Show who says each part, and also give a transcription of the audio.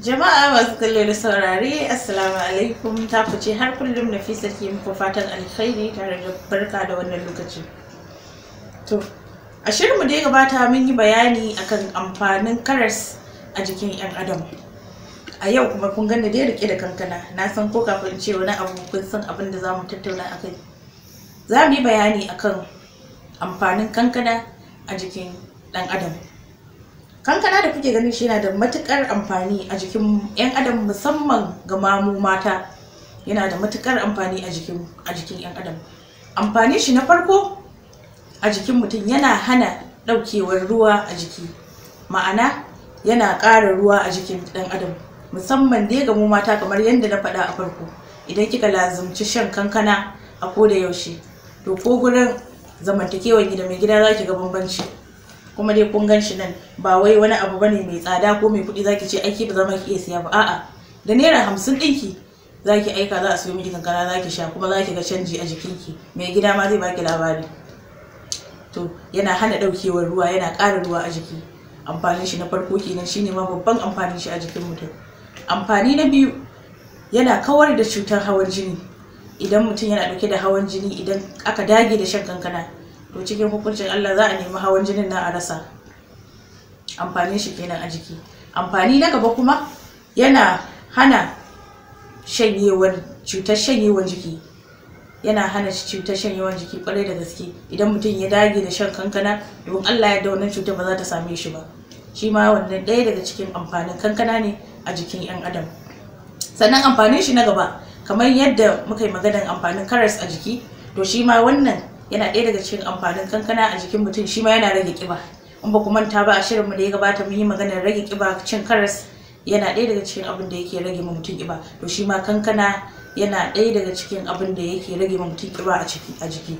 Speaker 1: Jama'a masu kallo da saurare, Assalamu alaikum ta fice har kullum na fi sarki muku fatan alkhairi tare da barka da wannan lokaci. To, a shirinmu da ya gabata mun yi bayani akan amfanin karas a jikin 'yan adam. A yau kuma kun da dai rike da kankana, na san ko kafin ce wani abu kun san abin da za mu tattauna a kai. Za mu yi bayani akan amfanin kankana a jikin ɗan adam. kankana da kuke ganin shi yana da matukar amfani a jikin 'yan adam musamman ga mamu mata yana da matukar amfani a jikin a jikin 'yan adam amfani shi na farko a jikin mutum yana hana daukewar ruwa a jiki ma'ana yana ƙara ruwa a jikin ɗan adam musamman dai ga mu mata kamar yadda na faɗa a farko idan kika lazumci shan kankana a koda yaushe to ko gurin zamantakewar gida mai gida za ki ga bambanci kuma dai kun gan shi nan ba wai wani abu bane mai tsada ko mai kuɗi zaki ce aiki ba za ki iya siya ba a'a da naira hamsin ɗinki zaki aika za a siyo miki kankana zaki sha kuma zaki ga canji a jikinki mai gida ma zai baki labari to yana hana ɗaukewar ruwa yana ƙara ruwa a jiki amfanin shi na farko kenan shine ma babban amfanin shi a jikin mutum amfani na biyu yana kawar da cutar hawan jini idan mutum yana ɗauke da hawan jini idan aka dage da shan kankana to cikin hukuncin Allah za a nemi hawan jinin na a rasa amfanin shi kenan a jiki amfani na gaba kuma yana hana shanyewar cutar shanyewar jiki yana hana cutar shanyewar jiki kwarai da gaske idan mutum ya dage da shan kankana domin Allah ya da wannan cutar ba za ta same shi ba shi ma wannan ɗaya daga cikin amfanin kankana ne a jikin 'yan adam sannan amfanin shi na gaba kamar yadda muka yi maganar amfanin karas a jiki to shi ma wannan yana ɗaya daga cikin amfanin kankana a jikin mutum shi ma yana rage ƙiba in ba ku manta ba a shirinmu da ya gabata mun yi maganar rage ƙiba cin karas yana ɗaya daga cikin abin da yake rage ma mutum ƙiba to shi ma kankana yana ɗaya daga cikin abin da yake rage ma mutum ƙiba a a jiki